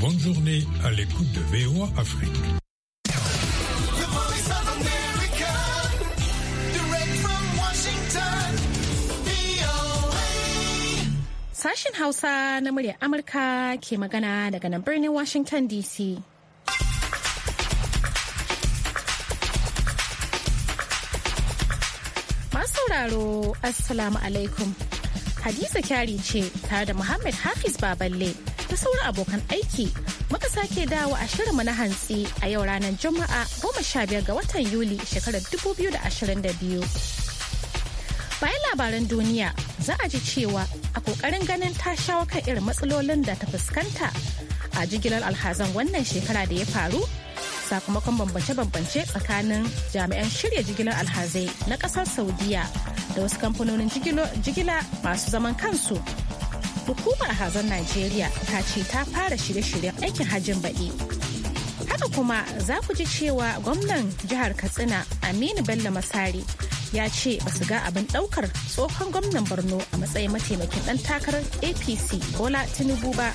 Bonne journée à l'écoute de VOA Afrique. Sashen Hausa na Amerika, Kimagana, ke magana daga nan Washington DC. sauraro Assalamu alaikum. Hadiza kyari ce tare da Muhammad Hafiz Baballe. ta sauran abokan aiki muka sake dawo a shirinmu na hantsi a yau ranar Juma'a sha goma biyar ga watan Yuli shekarar dubu biyu da da ashirin biyu. bayan labaran duniya za a ji cewa a kokarin ganin ta shawo kan irin matsalolin da ta fuskanta a jigilar alhazan wannan shekara da ya faru sakamakon bambance-bambance tsakanin jami'an shirya jigilar alhazai na kasar saudiya da wasu kamfanonin jigila masu zaman kansu hukumar hazan Najeriya ta ce ta fara shirye-shiryen aikin hajjin baɗi. Haka kuma za ku ji cewa gwamnan jihar Katsina Aminu Bello Masari ya ce ba su ga abin ɗaukar tsohon gwamnan Borno a matsayin mataimakin ɗan takarar APC Bola Tinubu ba.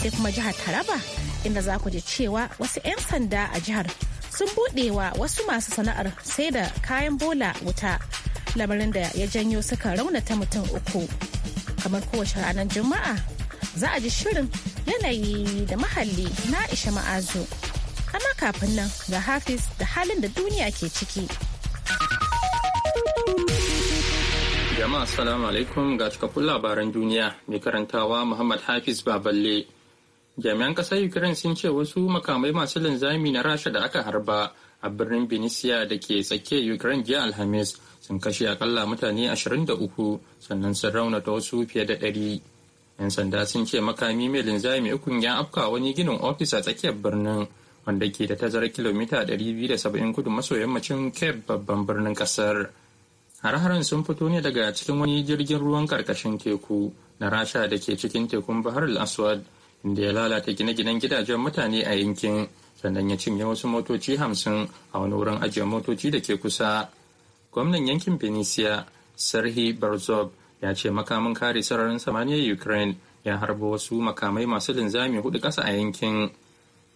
Sai kuma jihar Taraba inda za ku ji cewa wasu 'yan sanda a jihar sun buɗewa wasu masu sana'ar sai da kayan bola wuta lamarin da ya janyo suka raunata mutum uku. kamar kowace ranar Juma'a za a ji shirin yanayi da mahalli na isha Ma'azu. Amma kafin nan ga Hafiz da halin da duniya ke ciki. Jama'a salamu alaikum ga cikakkun labaran duniya mai karantawa Muhammad Hafiz Baballe. Jami'an ƙasar Ukraine sun ce wasu makamai masu linzami na Rasha da aka harba a birnin Benicia da ke tsakiyar Ukraine jiya Alhamis sun kashe akalla mutane 23 sannan sun raunata wasu fiye da 100. 'Yan sanda sun ce makami mai linzami ukun ya afka wani ginin ofis a tsakiyar birnin wanda ke da tazarar kilomita 270 kudu maso yammacin Cape babban birnin kasar. Har-haren sun fito ne daga cikin wani jirgin ruwan karkashin teku na Rasha da ke cikin tekun Bahar al-Aswad inda ya lalata gine-ginen gidajen mutane a yankin. sannan ya cinye wasu motoci hamsin a wani wurin ajiye motoci da ke kusa gwamnan yankin Benicia Sarhi Barzov ya ce makamin kare sararin samaniyar Ukraine ya harba wasu makamai masu linzami hudu kasa a yankin.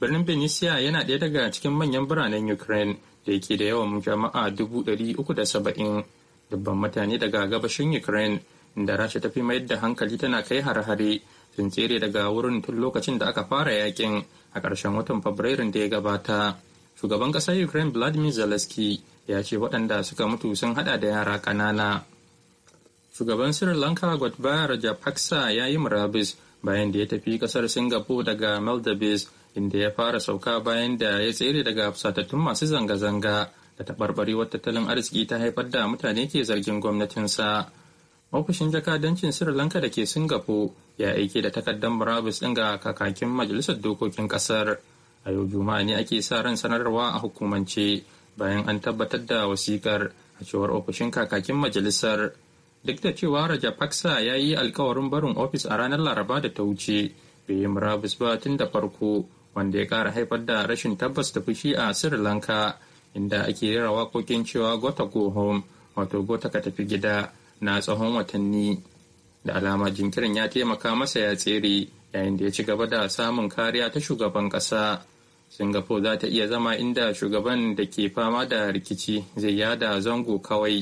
Birnin Benicia yana ɗaya daga cikin manyan biranen Ukraine da yake da yawan jama'a dubu ɗari uku da saba'in dubban mutane daga gabashin Ukraine da Rasha ta fi mayar da hankali tana kai har-hare sun tsere daga wurin tun lokacin da aka fara yakin a ƙarshen watan fabrairun da ya gabata shugaban ƙasar ukraine vladimir zelensky ya ce waɗanda suka mutu sun haɗa da yara ƙanana shugaban sri lanka gotabaya rajapaksa ya yi murabis bayan da ya tafi ƙasar singapore daga maldives inda ya fara sauka bayan da ya tsere daga fusatattun masu zanga-zanga da taɓarɓarewar tattalin arziki ta haifar da mutane ke zargin gwamnatinsa ofishin jakadancin sri lanka da ke singapore ya aike da takardar murabus ɗin ga kakakin majalisar dokokin ƙasar a yau juma'a ne ake sa ran sanarwa a hukumance bayan an tabbatar da wasikar a cewar ofishin kakakin majalisar duk da cewa raja rajapaksa ya yi alkawarin barin ofis a ranar laraba da ta wuce bai yi murabus ba tun da farko wanda ya kara haifar da rashin tabbas da fushi a sri lanka inda ake rera waƙoƙin cewa gota go home wato gota ka tafi gida na tsawon watanni da alama jinkirin ya taimaka masa ya tsere yayin da ya ci gaba da samun kariya ta shugaban kasa singapore za ta iya zama inda shugaban da ke fama da rikici zai yada zango kawai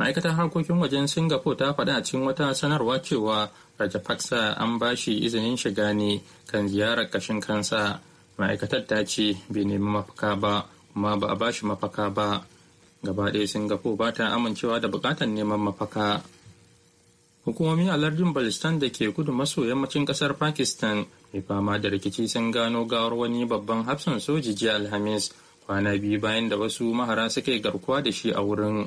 ma'aikatar harkokin wajen singapore ta faɗa cikin wata sanarwa cewa rajapaksa an ba shi izinin shiga ne kan ziyarar kashin kansa ma'aikatar ta ce bai nemi mafaka ba kuma ba a ba shi mafaka ba gaba ɗaya singapore ba ta amincewa da buƙatar neman mafaka hukumomi a lardin balistan da ke kudu maso yammacin kasar pakistan mai fama da rikici sun gano gawar wani babban hafsan soji jiya alhamis kwana biyu bayan da wasu mahara suke garkuwa da shi a wurin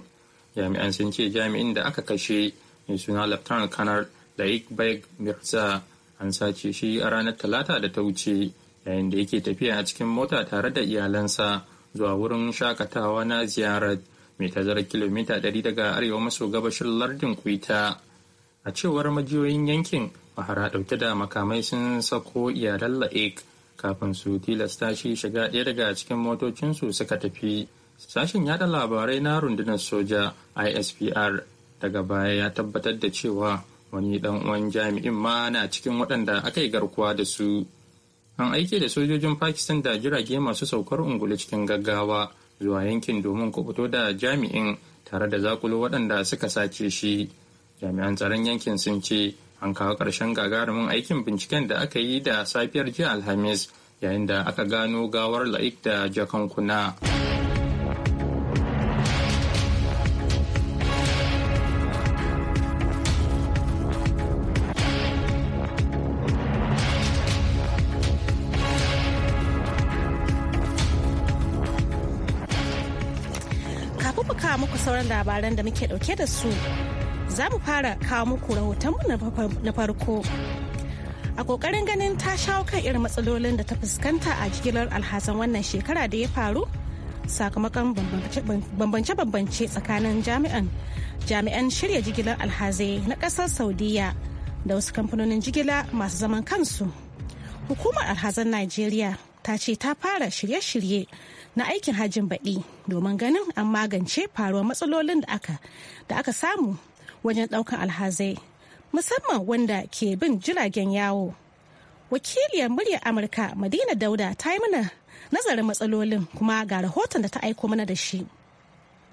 jami'an sun ce jami'in da aka kashe mai suna laftanar kanar laik baig mirza an sace shi a ranar talata da ta wuce yayin da yake tafiya a cikin mota tare da iyalansa zuwa wurin shakatawa na ziyarar mai tazarar kilomita 100 daga arewa maso gabashin lardin kwita. a cewar majiyoyin yankin mahara ɗauke da makamai sun sako iyalan la'ik kafin su tilasta shi shiga ɗaya daga cikin motocinsu suka tafi sashen yada labarai na rundunar soja ispr daga baya ya tabbatar da cewa wani dan uwan jami'in ma na cikin waɗanda aka yi garkuwa da su an aike da sojojin pakistan da jirage masu saukar ungulu cikin gaggawa zuwa yankin domin kubuto da jami'in tare da zaƙulo waɗanda suka sace shi jami'an tsaron yankin sun ce an kawo ƙarshen gagarumin aikin binciken da aka yi da safiyar jiya alhamis yayin da aka gano gawar la'ik da jakankuna kafin muka muku sauran labaran da muke dauke da su za mu fara kawo muku rahotonmu na farko. A kokarin ganin ta shawo kan irin matsalolin da ta fuskanta a jigilar alhazan wannan shekara da ya faru sakamakon bambance-bambance tsakanin jami'an jami'an shirya jigilar alhazai na kasar saudiyya da wasu kamfanonin jigila masu zaman kansu. Hukumar alhazan Najeriya ta ce ta fara shirye-shirye na aikin hajjin baɗi domin ganin an magance faruwar matsalolin da aka samu wajen ɗaukar alhazai musamman wanda ke bin jiragen yawo wakiliyar muryar amurka madina dauda ta yi mana nazarin matsalolin kuma ga rahoton da ta aiko mana da shi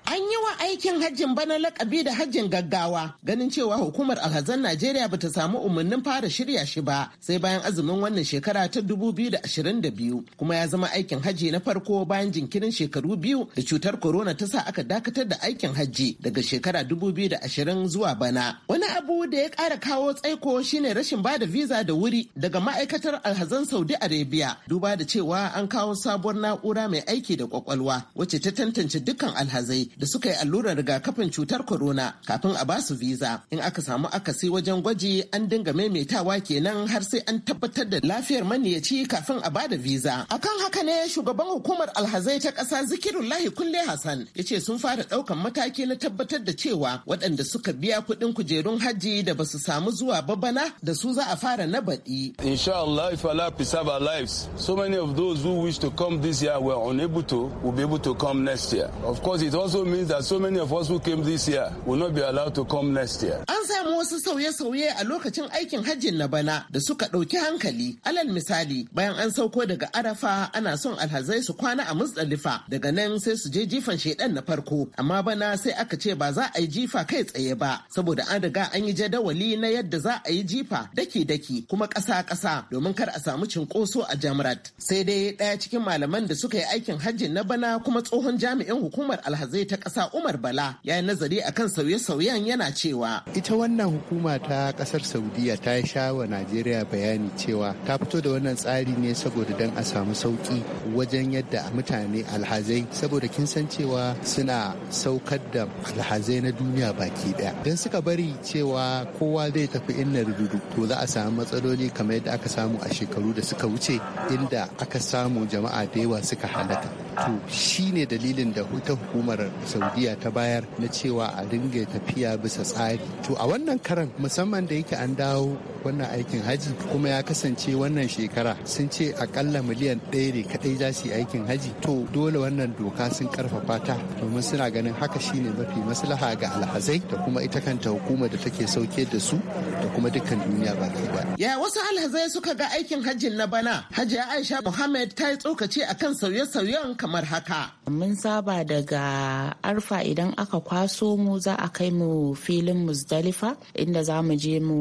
An yi wa aikin hajjin bana lakabi da hajjin gaggawa ganin cewa hukumar alhazan Najeriya bata samu umarnin fara shirya shi ba sai bayan azumin wannan shekara ta da biyu. kuma ya zama aikin hajji na farko bayan jinkirin shekaru biyu da cutar corona ta sa aka dakatar da aikin hajji daga shekara da ashirin zuwa bana. Wani abu da ya kara kawo tsaiko shine rashin bada visa da wuri daga ma'aikatar alhazan Saudi Arabia duba da cewa an kawo sabuwar na'ura mai aiki da kwakwalwa wacce ta tantance dukkan alhazai da suka yi allurar rigakafin cutar corona kafin a basu visa in aka samu akasi wajen gwaji an dinga maimaitawa kenan har sai an tabbatar da lafiyar maniyaci kafin a bada visa akan haka ne shugaban hukumar alhazai ta ƙasa zikirullahi kulle hassan ya ce sun fara ɗaukan mataki na tabbatar da cewa waɗanda suka biya kuɗin kujerun hajji da basu samu zuwa ba bana da su za a fara na baɗi inshallah if allah preserve our lives so many of those who wish to come this year were unable to will be able to come next year of course it also means that so many of us who came this year will not be allowed to come next year. An samu wasu sauye-sauye a lokacin aikin hajjin na bana da suka ɗauki hankali. Alal misali, bayan an sauko daga Arafa ana son alhazai su kwana a Musdalifa daga nan sai su je jifan shedan na farko. Amma bana sai aka ce ba za a yi jifa kai tsaye ba saboda an riga an yi jadawali na yadda za a yi jifa daki-daki kuma ƙasa-ƙasa domin kar a samu cinkoso a Jamrat. Sai dai ɗaya cikin malaman da suka yi aikin hajjin na bana kuma tsohon jami'in hukumar alhazai ta ƙasa Umar Bala ya yi nazari kan sauye-sauyen yana cewa. Ita wannan hukuma ta ƙasar Saudiya ta sha wa Najeriya bayani cewa ta fito da wannan tsari ne saboda don a samu sauƙi wajen yadda mutane alhazai saboda kin san cewa suna saukar da alhazai na duniya baki ɗaya. Don suka bari cewa kowa zai tafi inna rududu to za a samu matsaloli kamar yadda aka samu a shekaru da suka wuce inda aka samu jama'a da yawa suka halaka. To shi ne dalilin da ta hukumar saudiya ta bayar na cewa a ringa tafiya bisa tsari to a wannan karan musamman da yake an dawo wannan aikin haji kuma ya kasance wannan shekara sun ce akalla miliyan ɗaya ne kaɗai za su yi aikin haji to dole wannan doka sun karfafa ta domin suna ganin haka shine mafi maslaha ga alhazai da kuma ita kanta hukumar da take sauke da su da kuma dukkan duniya ba ɗaya. ya wasu alhazai suka ga aikin hajjin na bana hajiya aisha muhammad ta yi tsokaci akan sauye-sauyen kamar haka. mun saba daga a arfa idan aka kwaso mu za a kai mu filin muzdalifa inda za mu je mu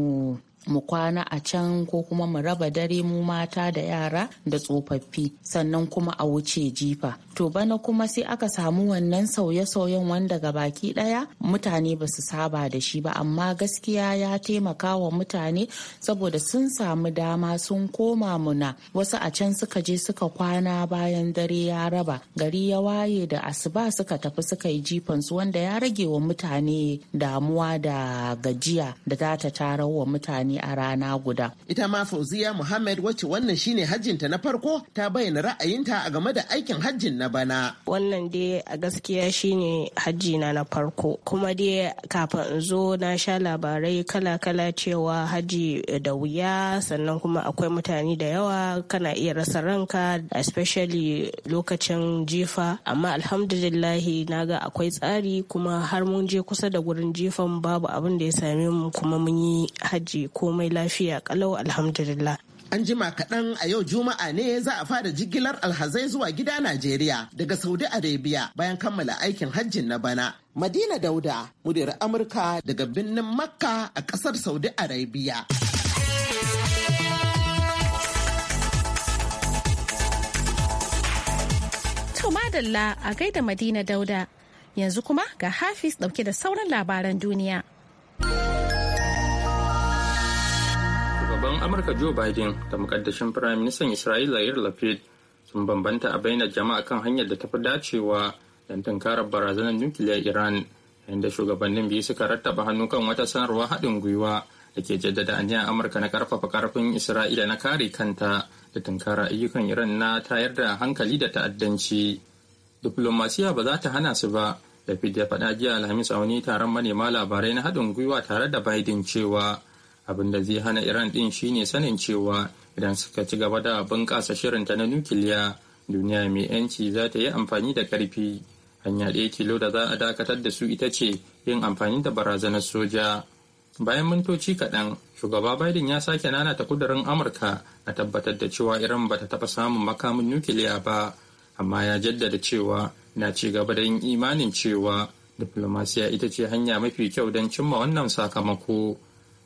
mu kwana a can ko kuma mu raba dare mu mata da yara da tsofaffi sannan kuma a wuce jifa to bana kuma sai aka samu wannan sauye-sauyen wanda ga baki daya mutane ba su saba da shi ba amma gaskiya ya taimaka wa mutane saboda sun samu dama sun koma muna wasu a can suka je suka kwana bayan dare ya raba gari ya waye da asuba suka tafi suka yi jifansu wanda ya rage wa mutane damuwa da gajiya da ta tarar wa mutane mutane a rana guda. Ita ma Fauziya Muhammad wacce wannan shine hajjinta na farko ta bayyana ra'ayinta a game da aikin hajjin na bana. Wannan dai a gaskiya shine hajjina na farko kuma dai kafin in zo na sha labarai kala-kala cewa hajji da wuya sannan kuma akwai mutane da yawa kana iya rasa ranka especially lokacin jifa amma alhamdulillahi na ga akwai tsari kuma har mun je kusa da gurin jifan babu abin da ya same mu kuma mun yi hajji komai lafiya kalau alhamdulillah An jima kaɗan a yau Juma'a ne za a fara jigilar alhazai zuwa gida Najeriya daga Saudi Arabia bayan kammala aikin hajjin na bana. Madina Dauda, muryar Amurka daga birnin Makka a ƙasar Saudi Arabia. To madalla a gaida Madina Dauda, yanzu kuma ga Hafiz ɗauke da sauran labaran duniya. shugaban amurka joe biden da mukaddashin firayim ministan isra'ila yair lapid sun bambanta a bainar jama'a kan hanyar da ta fi dacewa don tunkarar barazanar nukiliyar iran da shugabannin biyu suka rattaba hannu kan wata sanarwar haɗin gwiwa da ke jaddada aniyar amurka na karfafa karfin isra'ila na kare kanta da tunkara ayyukan iran na tayar da hankali da ta'addanci diplomasiya ba za ta hana su ba da ya faɗa jiya alhamis a wani taron manema labarai na haɗin gwiwa tare da biden cewa abin da zai hana iran din shine sanin cewa idan suka ci gaba da bunƙasa shirinta na nukiliya duniya mai yanci za ta yi amfani da karfi hanya ɗaya tilo da za a dakatar da su ita ce yin amfani da barazanar soja bayan mintoci kaɗan shugaba biden ya sake nana ta kudurin amurka a tabbatar da cewa iran bata taɓa samun makamin nukiliya ba amma ya jaddada cewa na ci gaba da yin imanin cewa diplomasiya ita ce hanya mafi kyau don cimma wannan sakamako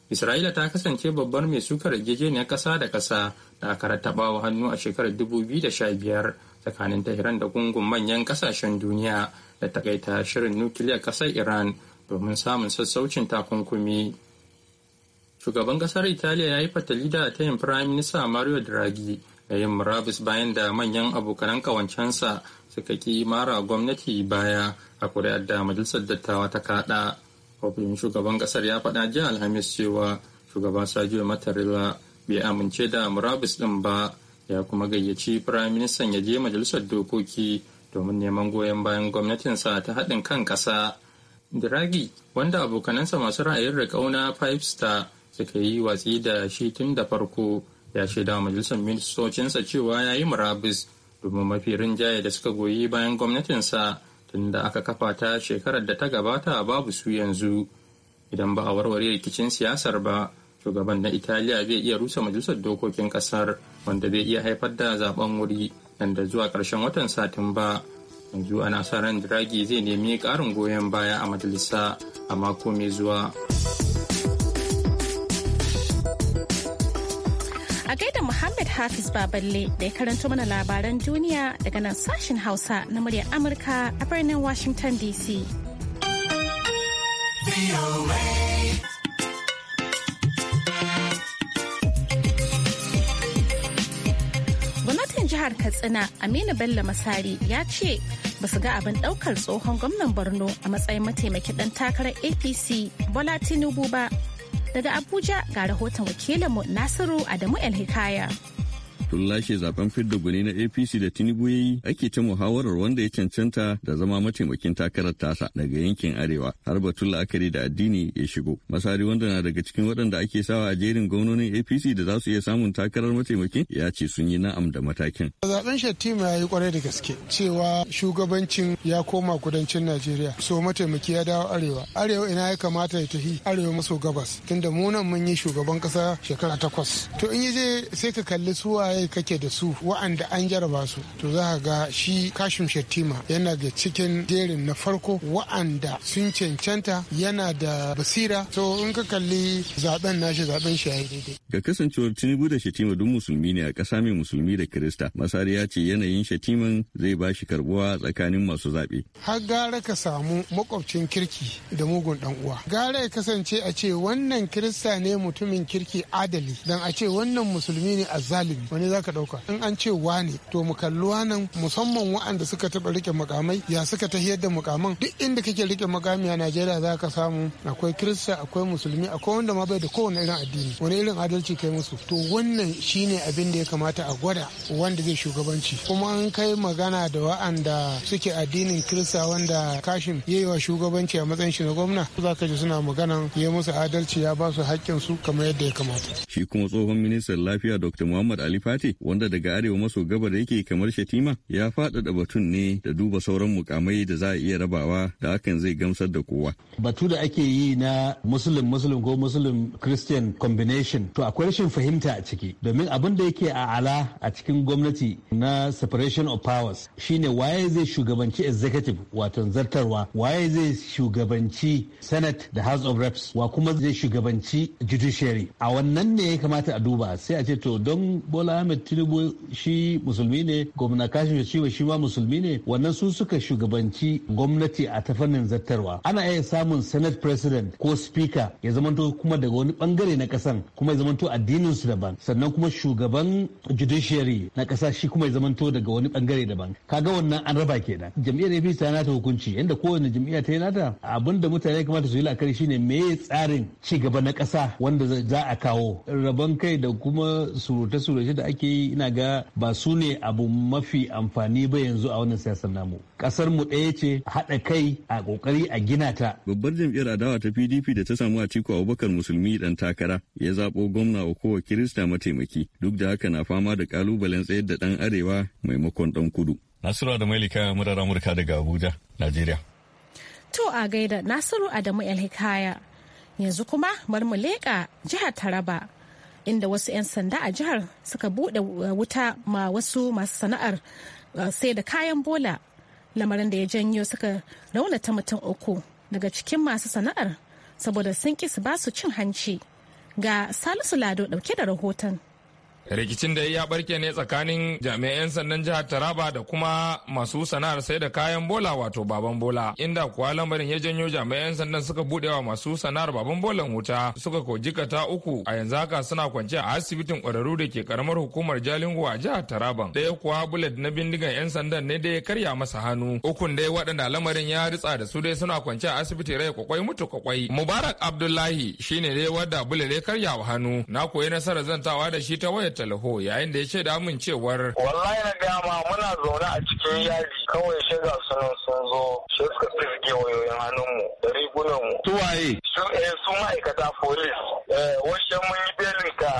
Isra'ila ta kasance babbar mai sukar yarjejeniyar ƙasa da ƙasa da aka rattabawa hannu a shekarar 2015 tsakanin Tehran da gungun manyan ƙasashen duniya da takaita shirin nukiliyar ƙasar Iran domin samun sassaucin takunkumi. Shugaban ƙasar Italiya ya yi fatali da tayin Firayim Nisa Mario Draghi da yin murabus bayan da manyan abokanan kawancensa suka ki mara gwamnati baya a kuri'ar da majalisar dattawa ta kaɗa. ofishin shugaban kasar ya faɗa jiya alhamis cewa shugaban sajiyo matarila bai amince da murabus ɗin ba ya kuma gayyaci firayim ministan ya je majalisar dokoki domin neman goyon bayan gwamnatinsa ta haɗin kan ƙasa Diragi wanda abokanansa masu ra'ayin rikauna five star suka yi watsi da shi tun da farko ya shaida majalisar ministocinsa cewa ya yi murabus domin mafi rinjaye da suka goyi bayan gwamnatinsa da aka kafa ta shekarar da ta gabata babu su yanzu idan ba a warware rikicin siyasar ba shugaban na italiya zai iya rusa majalisar dokokin kasar wanda zai iya haifar da zaben wuri yanda zuwa karshen watan satin ba yanzu ana sa ran dragi zai nemi karin goyon baya a majalisa a mako mai zuwa. A gaida Muhammad Hafiz Baballe da ya karanto mana labaran duniya daga nan sashen Hausa na muryar Amurka a birnin Washington DC. Gwamnatin jihar Katsina Aminu Bello Masari ya ce ba su ga abin daukar tsohon gwamnan Borno a matsayin mataimakin dan takarar APC Bola Tinubu ba. Daga Abuja ga rahoton wakilinmu Nasiru Adamu El Hikaya. tun lashe zaben fidda gwani na apc da tinubu ya yi ake ta muhawarar wanda ya cancanta da zama mataimakin takarar tasa daga yankin arewa har batun la'akari da addini ya shigo masari wanda na daga cikin waɗanda ake sawa a jerin gwamnonin apc da za su iya samun takarar mataimakin ya ce sun yi na'am da matakin zaben shattima ya yi kwarai da gaske cewa shugabancin ya koma kudancin najeriya so mataimaki ya dawo arewa arewa ina ya kamata ya tafi arewa maso gabas tunda mu nan mun yi shugaban kasa shekara takwas to in yi je sai ka kalli suwaye kai kake da su wa'anda an jaraba su to za ga shi kashim shettima yana da cikin jerin na farko wa'anda sun cancanta yana da basira to in ka kalli zaben nashi zaben shi yayi daidai ga kasancewar tinubu da shettima duk musulmi ne a ƙasa mai musulmi da kirista masari ya ce yanayin shettiman zai ba shi karbuwa tsakanin masu zaɓe har gara ka samu makwabcin kirki da mugun dan uwa gara ya kasance a ce wannan kirista ne mutumin kirki adali dan a ce wannan musulmi ne azzalimi wani za zaka ɗauka in an ce wane to mu kalli wanan musamman waɗanda suka taɓa rike mukamai ya suka hiyar da mukaman duk inda kake rike mukami a Najeriya zaka samu akwai Kirista akwai musulmi akwai wanda ma bai da kowane irin addini wani irin adalci kai musu to wannan shine abin da ya kamata a gwada wanda zai shugabanci kuma an kai magana da waɗanda suke addinin Kirista wanda kashin yayi wa shugabanci a matsayin shi na gwamna zaka ji suna maganan ya musu adalci ya ba su haƙƙin su kamar yadda ya kamata shi kuma tsohon ministan lafiya Dr. Muhammad Ali Abate wanda daga arewa maso gabar yake kamar Shatima ya faɗaɗa batun ne da duba sauran mukamai da za a iya rabawa da hakan zai gamsar da kowa. Batu da ake yi na Muslim Muslim ko Muslim Christian combination to akwai rashin fahimta a ciki domin abin da yake a ala a cikin gwamnati na separation of powers shine waye zai shugabanci executive wato zartarwa waye zai shugabanci senate da house of reps wa kuma zai shugabanci judiciary a wannan ne ya kamata a duba sai a ce to don bola ahmed tinubu shi musulmi ne gwamna kashin shi shi ma musulmi ne wannan su suka shugabanci gwamnati a ta fannin zattarwa ana iya samun senate president ko speaker ya zamanto kuma daga wani bangare na kasan kuma ya zamanto addinin su daban sannan kuma shugaban judiciary na kasa shi kuma ya zamanto daga wani bangare daban kaga wannan an raba kenan jam'iyyar APC ta nata hukunci yanda kowane jam'iyya ta yi nata abin da mutane kamata su yi la'akari shine me tsarin ci gaba na kasa wanda za a kawo rabon kai da kuma surute-surute da ake ake yi ina ga ba su ne abu mafi amfani ba yanzu a wannan siyasar namu kasar mu ɗaya ce haɗa kai a ƙoƙari a gina ta babbar jam'iyyar adawa ta pdp da ta samu atiku abubakar musulmi dan takara ya zaɓo gwamna wa kowa kirista mataimaki duk da haka na fama da kalubalen tsayar da ɗan arewa maimakon ɗan kudu nasiru da mailika murar amurka daga abuja najeriya to a gaida nasiru adamu elhikaya yanzu kuma bar mu leƙa jihar taraba inda wasu 'yan sanda a jihar suka bude uh, wuta ma wasu masu sana'ar uh, sai da kayan bola lamarin da ya janyo suka raunata mutum uku daga cikin masu sana'ar saboda sun ƙi su basu cin hanci ga salisu lado dauke da rahoton rikicin da ya barke ne tsakanin jami'an sandan jihar taraba da kuma masu sana'ar sai da kayan bola wato baban bola inda kuwa lamarin ya janyo jami'an sandan suka bude wa masu sana'ar baban bolan wuta suka ko ta uku a yanzu haka suna kwanciya a asibitin kwararru da ke karamar hukumar jalingo a jihar Taraba. ɗaya kuwa bullet na bindigan yan sandan ne da ya karya masa hannu ukun dai waɗanda lamarin ya ritsa da su dai suna kwanciya a asibiti rai kwakwai mutu kwakwai mubarak abdullahi shine dai wadda bullet ya karya wa hannu na koyi nasarar zantawa da shi ta wayar talaho yayin da ya da min cewar wallahi na dama muna zaune a cikin yaji kawai shiga sunan sun zo shi suka fizge wayoyin mu da rigunanmu su waye su eh, ma'aikata polis eh, Washe mun yi belin ka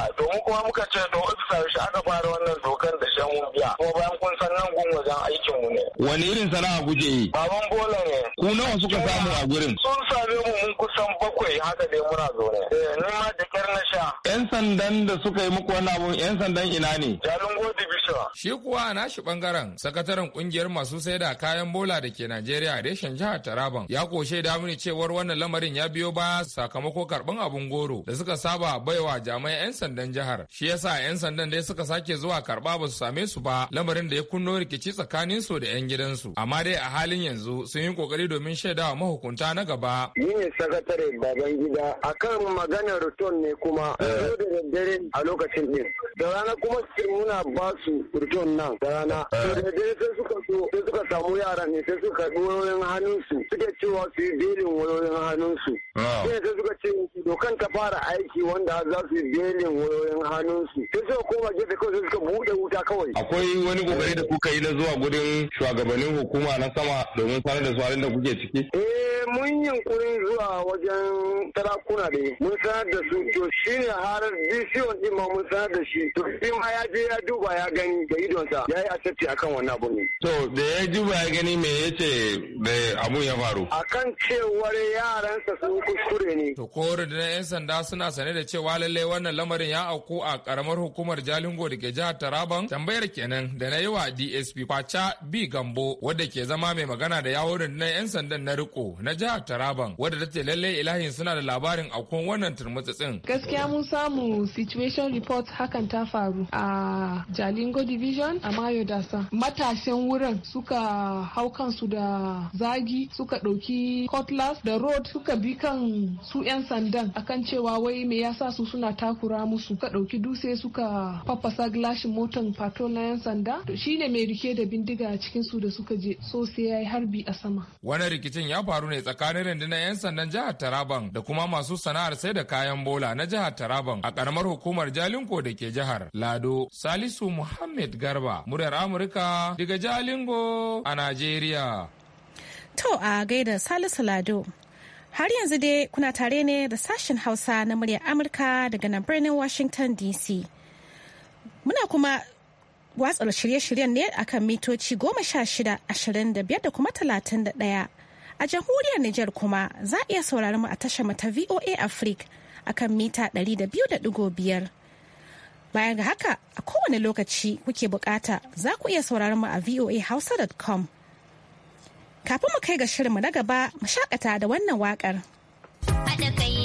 Wani irin sana'a guje. yi? Baban bola ne. Ku nawa suka samu a gurin? Sun same mu mun kusan bakwai haka dai muna zaune. Eh, ni ma da kyar na sha. Yan sandan da suka yi muku wannan abun yan sandan ina ne? Jalingo division. Shi kuwa a nashi bangaren sakataren kungiyar masu sai da kayan bola da ke Najeriya reshen jihar Taraban ya koshe da mini cewar wannan lamarin ya biyo baya sakamako karban abun goro da suka saba baiwa jami'an yan sandan jihar. Shi yasa yan sandan dai suka sake zuwa karba ba su same su ba lamarin da ya kunno rikici tsakanin su da yan cikin gidansu amma dai a halin yanzu sun yi kokari domin shaidawa mahukunta na gaba ni ne sakatare baban gida akan maganar return ne kuma eh. da daddare a lokacin din da rana kuma sun muna ba su return nan da rana eh. da daddare sai suka so sai suka samu yara ne sai suka karɓi wayoyin su suke cewa su yi belin wayoyin su ah. sai sai suka ce dokan ta fara aiki wanda za su yi belin wayoyin su. sai suka koma gefe kawai sai suka buɗe wuta kawai akwai wani kokari da kuka yi na zuwa gudun shugabannin hukuma na sama domin sanar da su halin da kuke ciki? Eh mun yunkurin zuwa wajen sarakuna ne mun sanar da su to shi ne har bisiyon ɗin ma mun sanar da shi to shi ma ya je ya duba ya gani da idonsa ya yi asirci akan wannan abu ne. To da ya duba ya gani me ya ce da abun ya faru? kan cewar yaransa sun kuskure ne. To ko da 'yan sanda suna sane da cewa lallai wannan lamarin ya auku a karamar hukumar Jalingo da ke jihar Taraban tambayar kenan da na yi wa DSP Kwacha B Gambo wadda ke zama mai magana da yawon rundunar 'yan sandan na riko na jihar Taraban wadda ta ce lallai ilahin suna da labarin akwai wannan turmutsutsin. Gaskiya mun samu situation report hakan ta faru a Jalingo division a Mayo Dasa. Matashin wurin suka hau kansu da zagi suka ɗauki cutlass da road suka bi kan su 'yan sandan akan cewa wai me yasa su suna takura musu ka ɗauki dutse suka fafasa gilashin motan patrol na 'yan sanda shine mai rike da bindiga cikin su da suka je so sai ya yi harbi a sama. Wani rikicin ya faru ne tsakanin rundunar 'yan sandan jihar Taraban da kuma masu sana'ar sai da kayan bola na jihar Taraban a karamar hukumar Jalingo da ke jihar Lado. Salisu Muhammad Garba, muryar Amurka daga Jalingo a Najeriya. To a gaida Salisu Lado. Har yanzu dai kuna tare ne da sashen Hausa na muryar Amurka daga nan birnin Washington DC. Muna kuma watsa shirye-shiryen ne akan mitoci goma sha shida ashirin da biyar da kuma talatin da ɗaya. A jamhuriyar Nijar kuma za a iya saurari mu a tashar mata VOA Africa akan mita ɗari da biyu da ɗigo biyar. Baya ga haka a kowane lokaci kuke bukata za ku iya saurari mu a voahausa.com. Kafin mu kai ga shirinmu na gaba mu shakata da wannan waƙar. Haɗa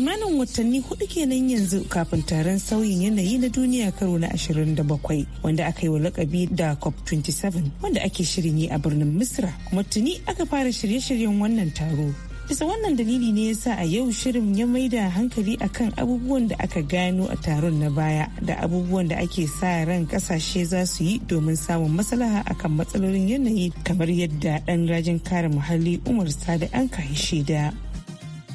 kimanin watanni hudu kenan yanzu kafin taron sauyin yanayi na duniya karo na 27 wanda aka yi wa lakabi da cop 27 wanda ake shirin yi a birnin misra kuma tuni aka fara shirye-shiryen wannan taro bisa wannan dalili ne ya sa a yau shirin ya da hankali akan abubuwan da aka gano a taron na baya da abubuwan da ake sa ran kasashe za su yi domin samun maslaha akan matsalolin yanayi kamar yadda dan rajin kare muhalli umar sada an kayi shaida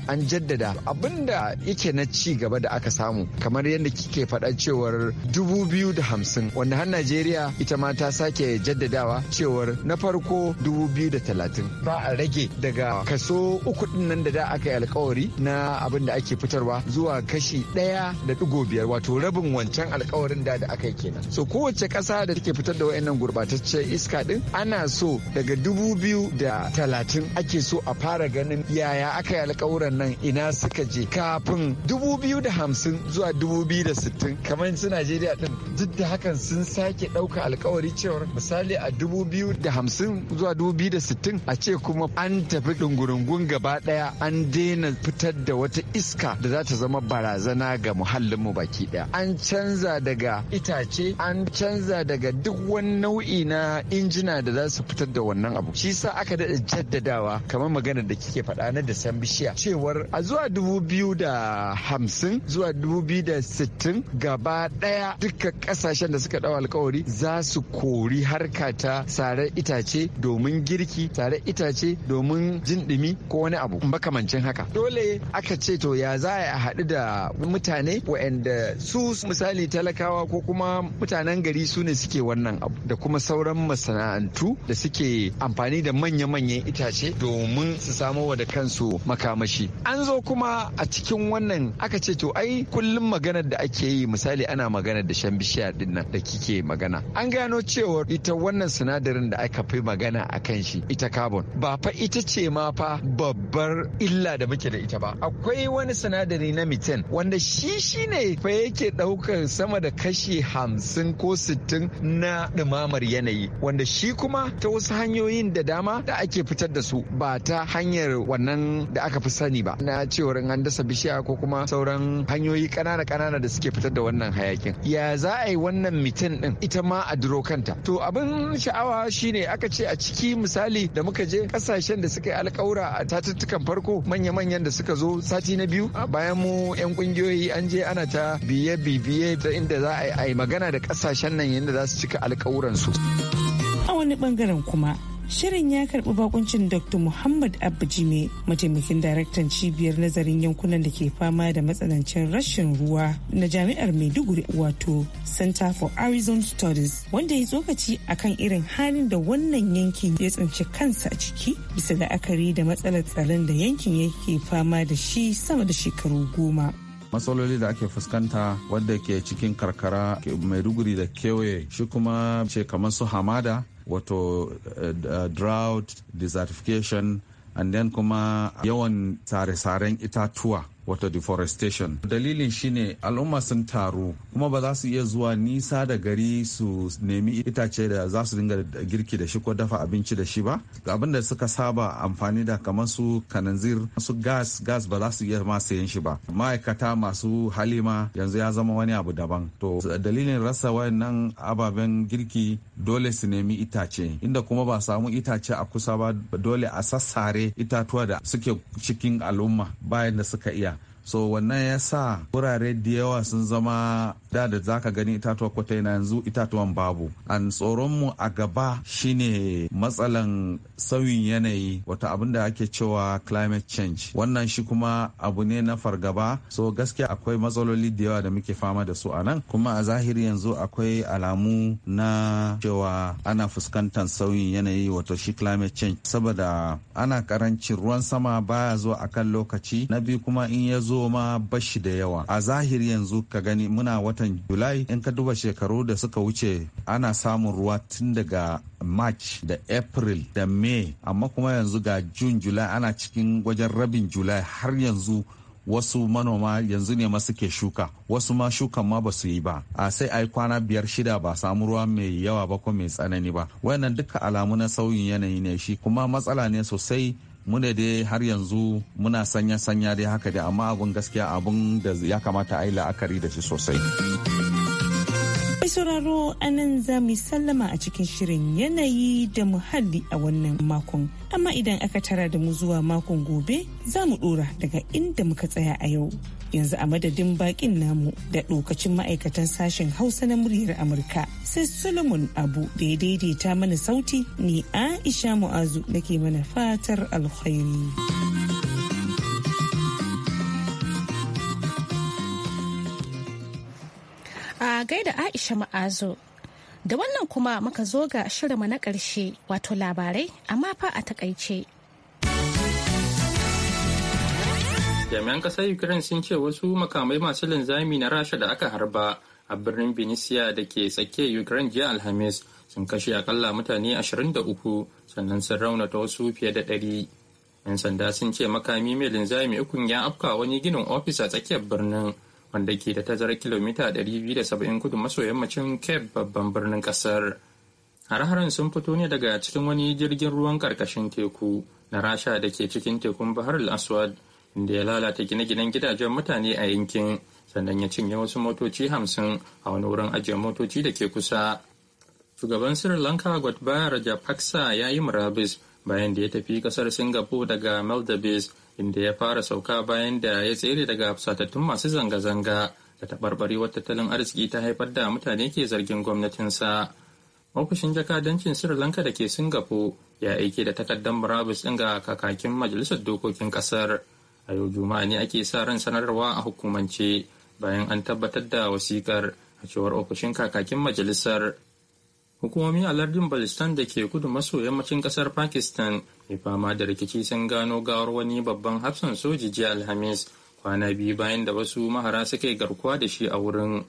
an jaddada abinda yake na ci gaba da aka samu kamar yadda kike faɗa cewar dubu biyu da hamsin wanda har najeriya ita ma ta sake jaddadawa cewar na farko dubu biyu da talatin ba a rage daga kaso uku din nan da da aka yi alkawari na abin da ake fitarwa zuwa kashi ɗaya da ɗigo biyar wato rabin wancan alkawarin da da aka yi kenan so kowace ƙasa da take fitar da wayannan gurbataccen iska din ana so daga dubu biyu da talatin ake so a fara ganin yaya aka yi alkawuran nan ina suka je kafin 2050 zuwa 2060 kamar su najeriya din duk da hakan sun sake ɗauka alkawari cewar misali a 2050 zuwa 2060 a ce kuma an tafi ɗungurungun gaba ɗaya an daina fitar da wata iska da za ta zama barazana ga muhallin mu baki ɗaya an canza daga itace an canza daga duk wani nau'i na injina da za su fitar da wannan abu shi sa aka daɗa jaddadawa kamar magana da kike faɗa na da san bishiya cewa cewar a zuwa dubu biyu da hamsin zuwa dubu biyu da sittin gaba daya duka ƙasashen da suka ɗau alkawari za su kori harka ta sare itace domin girki sare itace domin jin ko wani abu makamancin haka dole aka ce to ya za a haɗu da mutane waɗanda su misali talakawa ko kuma mutanen gari su ne suke wannan abu da kuma sauran masana'antu da suke amfani da manya-manyan itace domin su samo wa da kansu makamashi an zo kuma a cikin wannan aka ce to ai kullum maganar da ake yi misali ana maganar da shan bishiya din da kike magana an gano cewa ita wannan sinadarin da aka fi magana a kan shi ita carbon ba fa ita ce ma fa babbar illa da muke da ita ba akwai wani sinadari na methane wanda shi shi ne fa yake daukar sama da kashi hamsin ko sittin na ɗumamar yanayi wanda shi kuma ta wasu hanyoyin da dama da ake fitar da su ba ta hanyar wannan da aka fi sani ba na cewar an dasa bishiya ko kuma sauran hanyoyi kanana-kanana da suke fitar da wannan hayakin ya za a yi wannan mitin din ita ma a duro kanta to abin sha'awa shine aka ce a ciki misali da muka je kasashen da suka yi alkawura a tatuttukan farko manya-manyan da suka zo sati na biyu bayan mu 'yan kungiyoyi an je ana ta biye-biye ta inda za a yi magana da kasashen nan yadda za su cika su a wani bangaren kuma Shirin ya karbi bakuncin Dr. Muhammad abujime mataimakin daraktan cibiyar nazarin yankunan da ke fama da matsanancin rashin ruwa na jami'ar Maiduguri wato Center for Arizona Studies, wanda ya tsokaci kan irin halin da wannan yankin ya tsinci kansa a ciki bisa la'akari da matsalar tsaron da yankin yake fama da shi sama da shekaru goma. matsaloli da ake fuskanta wadda ke cikin karkara maiduguri da kewaye shi kuma ce kamar su hamada wato eh, eh, drought desertification and then kuma yawan sare-saren itatuwa wato deforestation dalilin shine al'umma sun taru kuma ba za su iya zuwa nisa da gari su nemi itace da za su dinga girki da shi ko dafa abinci da shi ba ga abin da suka saba amfani da kamar su kananzir su gas gas ba za su iya ma sayan shi ba ma'aikata masu halima yanzu ya zama wani abu daban to dalilin rasa wayannan ababen girki dole su nemi itace inda kuma ba samu itace a kusa ba dole a sassare itatuwa da suke cikin al'umma bayan da suka iya so wannan ya sa wurare da yawa sun zama da da za ka gani itatuwa kwata yana yanzu itatuwan babu an tsoronmu a gaba shine matsalan sauyin yanayi wata abin da ake cewa climate change wannan shi kuma abu ne na fargaba so gaskiya akwai matsaloli da yawa da muke fama da su anan? kuma a zahiri yanzu akwai alamu na cewa ana fuskantar sauyin yanayi wato shi climate change saboda ana karancin ruwan sama baya zuwa akan lokaci na biyu kuma in ya zo ma bashi da yawa a zahiri yanzu ka gani muna watan watan Julai in ka duba shekaru da suka wuce ana samun ruwa tun daga March da April da May amma kuma yanzu ga June July ana cikin wajen rabin July har yanzu wasu manoma yanzu ne ma suke shuka wasu ma shukan ma ba su yi ba a sai ai kwana biyar shida ba samu ruwa mai yawa ba ko mai tsanani ba wannan duka alamu na sauyin yanayi ne shi kuma matsala ne sosai muna dai har yanzu muna sanya-sanya dai haka dai amma abun gaskiya abun da ya kamata a yi la'akari da shi sosai. Mai sauraro a nan za mu sallama a cikin shirin yanayi da muhalli a wannan makon. Amma idan aka tara da mu zuwa makon gobe za mu dora daga inda muka tsaya a yau. yanzu a madadin bakin namu da lokacin ma'aikatan sashen hausa na muryar amurka sai solomon abu da ya daidaita mana sauti ni aisha mu'azu nake mana fatar alkhairi a gaida aisha ma'azu da wannan kuma muka zo ga shirinmu na ƙarshe wato labarai amma fa a takaice jami'an ƙasar ukraine sun ce wasu makamai masu linzami na rasha da aka harba a birnin benicia da ke tsakiyar ukraine jiya alhamis sun kashe akalla mutane 23 sannan sun raunata wasu fiye da 100 'yan sanda sun ce makami mai linzami ukun ya afka wani ginin ofis a tsakiyar birnin wanda ke da tazarar kilomita 270 kudu maso yammacin cape babban birnin kasar har-haren sun fito ne daga cikin wani jirgin ruwan karkashin teku na rasha da ke cikin tekun bahar al-aswad inda ya lalata gine-ginen gidajen mutane a yankin sannan ya cinye wasu motoci hamsin a wani wurin ajiye motoci da ke kusa shugaban sri lanka godbaya rajapaksa ya yi murabis bayan da ya tafi kasar singapore daga maldives inda ya fara sauka bayan da ya tsere daga fusatattun masu zanga-zanga da taɓarɓarewar tattalin arziki ta haifar da mutane ke zargin gwamnatinsa ofishin jakadancin sri lanka da ke singapore ya aike da takardar murabus ɗin ga kakakin majalisar dokokin ƙasar a yau juma'a ne ake sa ran sanarwa a hukumance bayan an tabbatar da wasikar a cewar ofishin kakakin majalisar hukumomi a lardin balistan da ke kudu maso yammacin kasar pakistan mai fama da rikici sun gano gawar wani babban hafsan soji jiya alhamis kwana biyu bayan da wasu mahara suka yi garkuwa da shi a wurin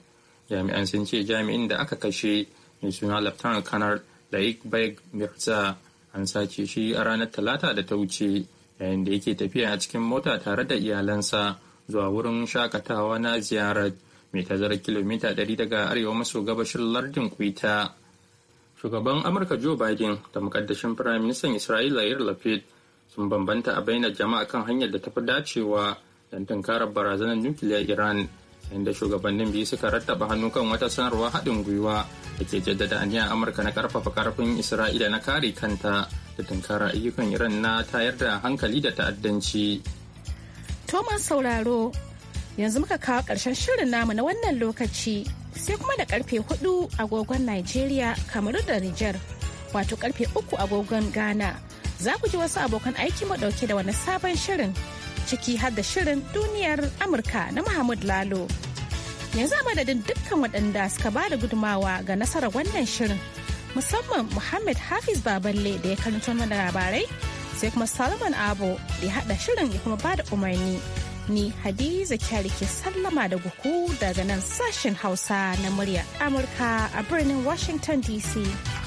jami'an sun ce jami'in da aka kashe mai suna laftan kanar la'ik bai mirza an sace shi a ranar talata da ta wuce yayin da yake tafiya a cikin mota tare da iyalansa zuwa wurin shakatawa na ziyarar mai tazarar kilomita 100 daga arewa maso gabashin lardin kwita shugaban amurka joe biden da mukaddashin firayim minister isra'ila yair lapid sun bambanta a bainar jama'a kan hanyar da tafi dacewa don tunkarar barazanar nukiliyar iran da shugabannin biyu suka rattaba hannu kan wata sanarwa haɗin gwiwa da ke jaddada aniyar amurka na karfafa karfin isra'ila na kare kanta da tunkara ayyukan iran na tayar da hankali da ta'addanci. Thomas sauraro yanzu muka kawo ƙarshen shirin namu na wannan lokaci sai kuma da karfe hudu agogon Najeriya kamar da Nijar wato karfe uku agogon Ghana za ku ji wasu abokan aiki mu dauke da wani sabon shirin ciki har da shirin duniyar Amurka na Muhammad Lalo. Yanzu a madadin dukkan waɗanda suka ba da gudumawa ga nasarar wannan shirin musamman Muhammad Hafiz Baballe da ya karanto mana labarai sai kuma salman Abo da ya haɗa shirin ya kuma bada umarni. Ni Hadiza Kyari ke sallama da guku daga nan sashen Hausa na murya Amurka a birnin Washington DC.